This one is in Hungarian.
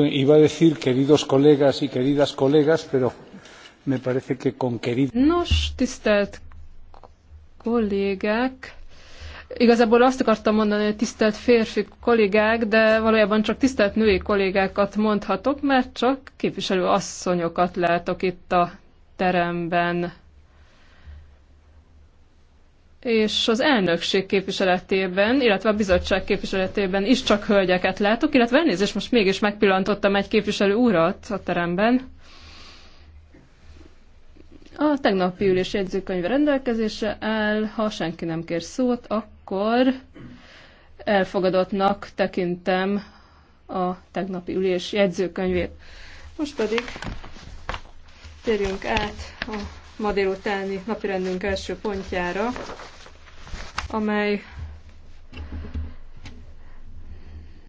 iba a decir queridos colegas y queridas colegas, pero me parece que con Nos, tisztelt kollégák, Igazából azt akartam mondani, hogy tisztelt férfi kollégák, de valójában csak tisztelt női kollégákat mondhatok, mert csak képviselő asszonyokat látok itt a teremben és az elnökség képviseletében, illetve a bizottság képviseletében is csak hölgyeket látok, illetve elnézést, most mégis megpillantottam egy képviselő urat a teremben. A tegnapi ülés jegyzőkönyve rendelkezése áll, ha senki nem kér szót, akkor elfogadottnak tekintem a tegnapi ülés jegyzőkönyvét. Most pedig térjünk át a ma délutáni napirendünk első pontjára amely